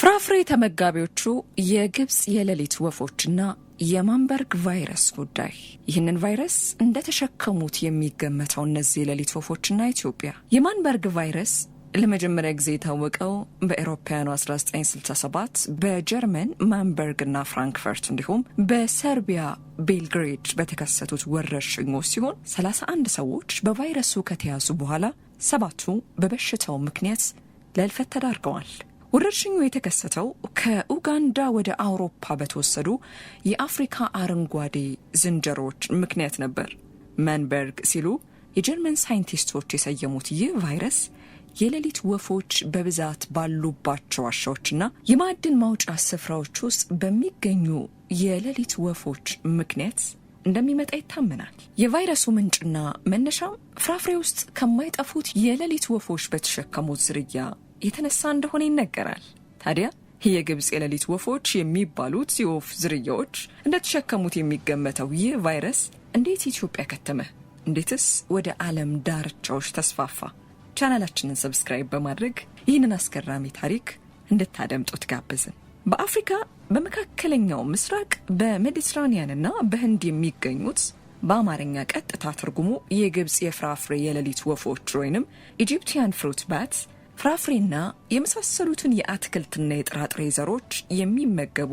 ፍራፍሬ ተመጋቢዎቹ የግብፅ የሌሊት ወፎችና የማንበርግ ቫይረስ ጉዳይ። ይህንን ቫይረስ እንደተሸከሙት የሚገመተው እነዚህ የሌሊት ወፎችና ኢትዮጵያ። የማንበርግ ቫይረስ ለመጀመሪያ ጊዜ የታወቀው በአውሮፓውያኑ 1967 በጀርመን ማንበርግና ፍራንክፈርት እንዲሁም በሰርቢያ ቤልግሬድ በተከሰቱት ወረርሽኞች ሲሆን 31 ሰዎች በቫይረሱ ከተያዙ በኋላ ሰባቱ በበሽታው ምክንያት ለልፈት ተዳርገዋል። ወረርሽኙ የተከሰተው ከኡጋንዳ ወደ አውሮፓ በተወሰዱ የአፍሪካ አረንጓዴ ዝንጀሮዎች ምክንያት ነበር። መንበርግ ሲሉ የጀርመን ሳይንቲስቶች የሰየሙት ይህ ቫይረስ የሌሊት ወፎች በብዛት ባሉባቸው ዋሻዎችና የማዕድን ማውጫ ስፍራዎች ውስጥ በሚገኙ የሌሊት ወፎች ምክንያት እንደሚመጣ ይታመናል። የቫይረሱ ምንጭና መነሻም ፍራፍሬ ውስጥ ከማይጠፉት የሌሊት ወፎች በተሸከሙት ዝርያ የተነሳ እንደሆነ ይነገራል። ታዲያ የግብፅ የሌሊት ወፎች የሚባሉት የወፍ ዝርያዎች እንደተሸከሙት የሚገመተው ይህ ቫይረስ እንዴት ኢትዮጵያ ከተመ? እንዴትስ ወደ ዓለም ዳርቻዎች ተስፋፋ? ቻናላችንን ሰብስክራይብ በማድረግ ይህንን አስገራሚ ታሪክ እንድታደምጡት ጋብዝን። በአፍሪካ በመካከለኛው ምስራቅ በሜዲትራኒያንና በህንድ የሚገኙት በአማርኛ ቀጥታ ትርጉሙ የግብፅ የፍራፍሬ የሌሊት ወፎች ወይንም ኢጂፕቲያን ፍሩት ባት ፍራፍሬና የመሳሰሉትን የአትክልትና የጥራጥሬ ዘሮች የሚመገቡ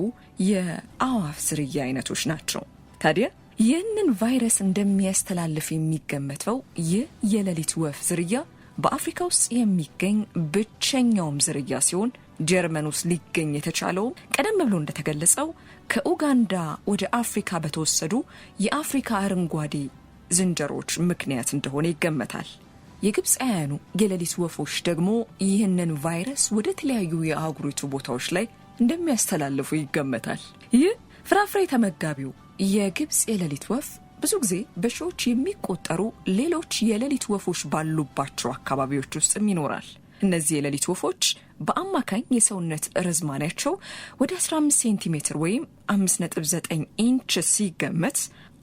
የአዋፍ ዝርያ አይነቶች ናቸው። ታዲያ ይህንን ቫይረስ እንደሚያስተላልፍ የሚገመተው ይህ የሌሊት ወፍ ዝርያ በአፍሪካ ውስጥ የሚገኝ ብቸኛውም ዝርያ ሲሆን ጀርመን ውስጥ ሊገኝ የተቻለውም ቀደም ብሎ እንደተገለጸው ከኡጋንዳ ወደ አፍሪካ በተወሰዱ የአፍሪካ አረንጓዴ ዝንጀሮዎች ምክንያት እንደሆነ ይገመታል። የግብፃውያኑ የሌሊት ወፎች ደግሞ ይህንን ቫይረስ ወደ ተለያዩ የአህጉሪቱ ቦታዎች ላይ እንደሚያስተላልፉ ይገመታል። ይህ ፍራፍሬ ተመጋቢው የግብፅ የሌሊት ወፍ ብዙ ጊዜ በሺዎች የሚቆጠሩ ሌሎች የሌሊት ወፎች ባሉባቸው አካባቢዎች ውስጥም ይኖራል። እነዚህ የሌሊት ወፎች በአማካኝ የሰውነት ርዝማኔያቸው ወደ 15 ሴንቲሜትር ወይም 5.9 ኢንች ሲገመት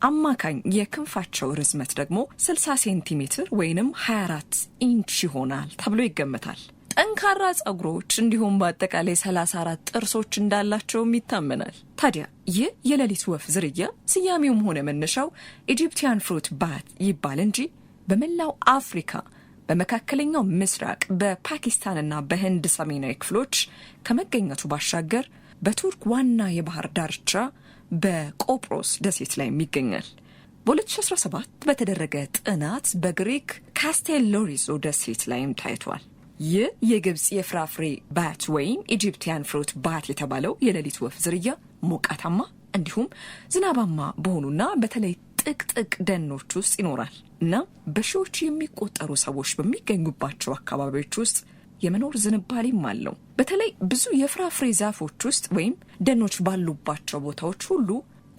አማካኝ የክንፋቸው ርዝመት ደግሞ 60 ሴንቲሜትር ወይንም 24 ኢንች ይሆናል ተብሎ ይገመታል። ጠንካራ ጸጉሮች እንዲሁም በአጠቃላይ 34 ጥርሶች እንዳላቸውም ይታመናል። ታዲያ ይህ የሌሊት ወፍ ዝርያ ስያሜውም ሆነ መነሻው ኢጂፕቲያን ፍሩት ባት ይባል እንጂ በመላው አፍሪካ በመካከለኛው ምስራቅ በፓኪስታንና በህንድ ሰሜናዊ ክፍሎች ከመገኘቱ ባሻገር በቱርክ ዋና የባህር ዳርቻ በቆጵሮስ ደሴት ላይ ይገኛል። በ2017 በተደረገ ጥናት በግሪክ ካስቴል ሎሪዞ ደሴት ላይም ታይቷል። ይህ የግብፅ የፍራፍሬ ባት ወይም ኢጂፕቲያን ፍሩት ባት የተባለው የሌሊት ወፍ ዝርያ ሞቃታማ እንዲሁም ዝናባማ በሆኑና በተለይ ጥቅጥቅ ደኖች ውስጥ ይኖራል እና በሺዎች የሚቆጠሩ ሰዎች በሚገኙባቸው አካባቢዎች ውስጥ የመኖር ዝንባሌም አለው። በተለይ ብዙ የፍራፍሬ ዛፎች ውስጥ ወይም ደኖች ባሉባቸው ቦታዎች ሁሉ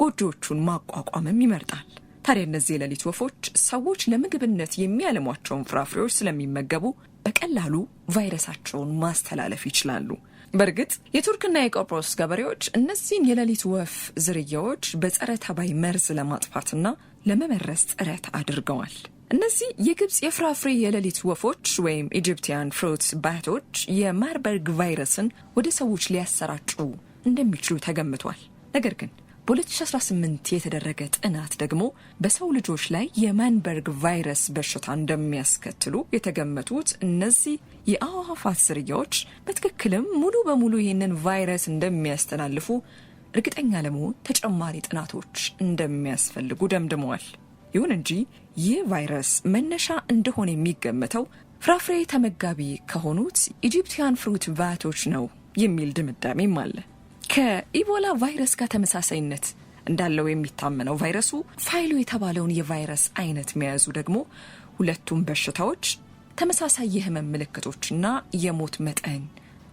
ጎጆዎቹን ማቋቋምም ይመርጣል። ታዲያ እነዚህ የሌሊት ወፎች ሰዎች ለምግብነት የሚያለሟቸውን ፍራፍሬዎች ስለሚመገቡ በቀላሉ ቫይረሳቸውን ማስተላለፍ ይችላሉ። በእርግጥ የቱርክና የቆጵሮስ ገበሬዎች እነዚህን የሌሊት ወፍ ዝርያዎች በጸረ ተባይ መርዝ ለማጥፋትና ለመመረስ ጥረት አድርገዋል። እነዚህ የግብፅ የፍራፍሬ የሌሊት ወፎች ወይም ኢጂፕቲያን ፍሩት ባቶች የማርበርግ ቫይረስን ወደ ሰዎች ሊያሰራጩ እንደሚችሉ ተገምቷል። ነገር ግን በ2018 የተደረገ ጥናት ደግሞ በሰው ልጆች ላይ የማንበርግ ቫይረስ በሽታ እንደሚያስከትሉ የተገመቱት እነዚህ የአዕዋፋት ዝርያዎች በትክክልም ሙሉ በሙሉ ይህንን ቫይረስ እንደሚያስተላልፉ እርግጠኛ ለመሆን ተጨማሪ ጥናቶች እንደሚያስፈልጉ ደምድመዋል። ይሁን እንጂ ይህ ቫይረስ መነሻ እንደሆነ የሚገመተው ፍራፍሬ ተመጋቢ ከሆኑት ኢጂፕቲያን ፍሩት ቫያቶች ነው የሚል ድምዳሜም አለ። ከኢቦላ ቫይረስ ጋር ተመሳሳይነት እንዳለው የሚታመነው ቫይረሱ ፋይሎ የተባለውን የቫይረስ አይነት መያዙ ደግሞ ሁለቱም በሽታዎች ተመሳሳይ የህመም ምልክቶችና የሞት መጠን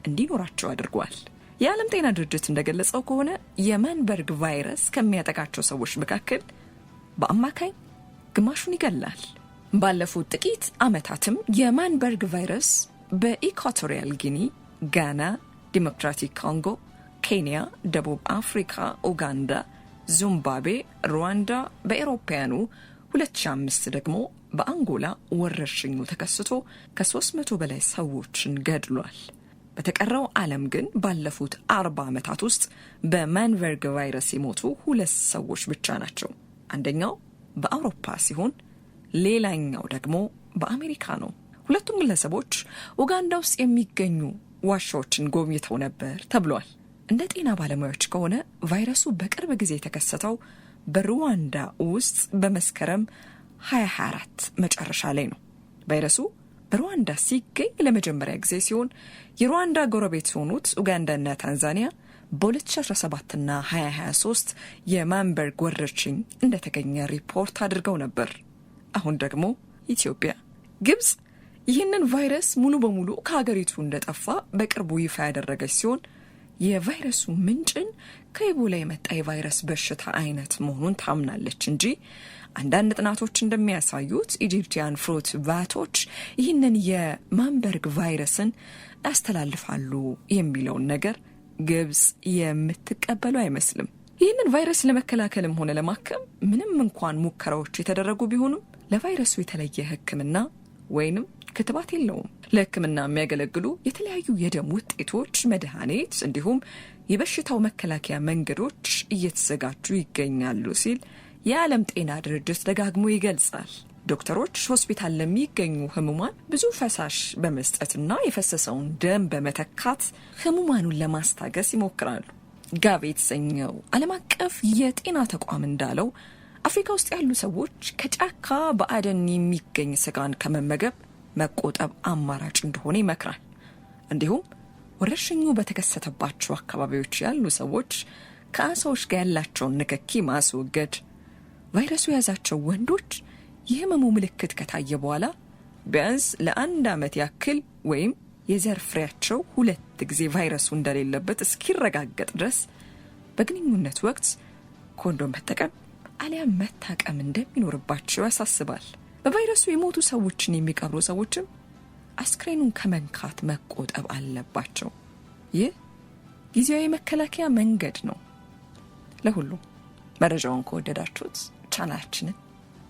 እንዲኖራቸው አድርጓል። የዓለም ጤና ድርጅት እንደገለጸው ከሆነ የመንበርግ ቫይረስ ከሚያጠቃቸው ሰዎች መካከል በአማካኝ ግማሹን ይገላል። ባለፉት ጥቂት ዓመታትም የማንበርግ ቫይረስ በኢኳቶሪያል ጊኒ፣ ጋና፣ ዲሞክራቲክ ኮንጎ፣ ኬንያ፣ ደቡብ አፍሪካ፣ ኡጋንዳ፣ ዚምባብዌ፣ ሩዋንዳ፣ በኤሮፓያኑ 2005 ደግሞ በአንጎላ ወረርሽኙ ተከስቶ ከ300 በላይ ሰዎችን ገድሏል። በተቀረው ዓለም ግን ባለፉት 40 ዓመታት ውስጥ በማንበርግ ቫይረስ የሞቱ ሁለት ሰዎች ብቻ ናቸው። አንደኛው በአውሮፓ ሲሆን ሌላኛው ደግሞ በአሜሪካ ነው። ሁለቱም ግለሰቦች ኡጋንዳ ውስጥ የሚገኙ ዋሻዎችን ጎብኝተው ነበር ተብሏል። እንደ ጤና ባለሙያዎች ከሆነ ቫይረሱ በቅርብ ጊዜ የተከሰተው በሩዋንዳ ውስጥ በመስከረም 2024 መጨረሻ ላይ ነው። ቫይረሱ በሩዋንዳ ሲገኝ ለመጀመሪያ ጊዜ ሲሆን የሩዋንዳ ጎረቤት የሆኑት ኡጋንዳና ታንዛኒያ በ2017ና 2023 የማንበርግ ወረርሽኝ እንደተገኘ ሪፖርት አድርገው ነበር። አሁን ደግሞ ኢትዮጵያ፣ ግብጽ ይህንን ቫይረስ ሙሉ በሙሉ ከሀገሪቱ እንደጠፋ በቅርቡ ይፋ ያደረገች ሲሆን የቫይረሱ ምንጭን ከኢቦላ የመጣ የቫይረስ በሽታ አይነት መሆኑን ታምናለች እንጂ አንዳንድ ጥናቶች እንደሚያሳዩት ኢጂፕቲያን ፍሩት ቫቶች ይህንን የማንበርግ ቫይረስን ያስተላልፋሉ የሚለውን ነገር ግብጽ የምትቀበሉ አይመስልም። ይህንን ቫይረስ ለመከላከልም ሆነ ለማከም ምንም እንኳን ሙከራዎች የተደረጉ ቢሆኑም ለቫይረሱ የተለየ ሕክምና ወይንም ክትባት የለውም። ለሕክምና የሚያገለግሉ የተለያዩ የደም ውጤቶች፣ መድኃኒት እንዲሁም የበሽታው መከላከያ መንገዶች እየተዘጋጁ ይገኛሉ ሲል የዓለም ጤና ድርጅት ደጋግሞ ይገልጻል። ዶክተሮች ሆስፒታል ለሚገኙ ህሙማን ብዙ ፈሳሽ በመስጠትና የፈሰሰውን ደም በመተካት ህሙማኑን ለማስታገስ ይሞክራሉ። ጋቪ የተሰኘው ዓለም አቀፍ የጤና ተቋም እንዳለው አፍሪካ ውስጥ ያሉ ሰዎች ከጫካ በአደን የሚገኝ ስጋን ከመመገብ መቆጠብ አማራጭ እንደሆነ ይመክራል። እንዲሁም ወረርሽኙ በተከሰተባቸው አካባቢዎች ያሉ ሰዎች ከአሳዎች ጋር ያላቸውን ንክኪ ማስወገድ፣ ቫይረሱ የያዛቸው ወንዶች የህመሙ ምልክት ከታየ በኋላ ቢያንስ ለአንድ ዓመት ያክል ወይም የዘር ፍሬያቸው ሁለት ጊዜ ቫይረሱ እንደሌለበት እስኪረጋገጥ ድረስ በግንኙነት ወቅት ኮንዶም መጠቀም አሊያም መታቀም እንደሚኖርባቸው ያሳስባል። በቫይረሱ የሞቱ ሰዎችን የሚቀብሩ ሰዎችም አስክሬኑን ከመንካት መቆጠብ አለባቸው። ይህ ጊዜያዊ መከላከያ መንገድ ነው። ለሁሉም መረጃውን ከወደዳችሁት ቻናላችንን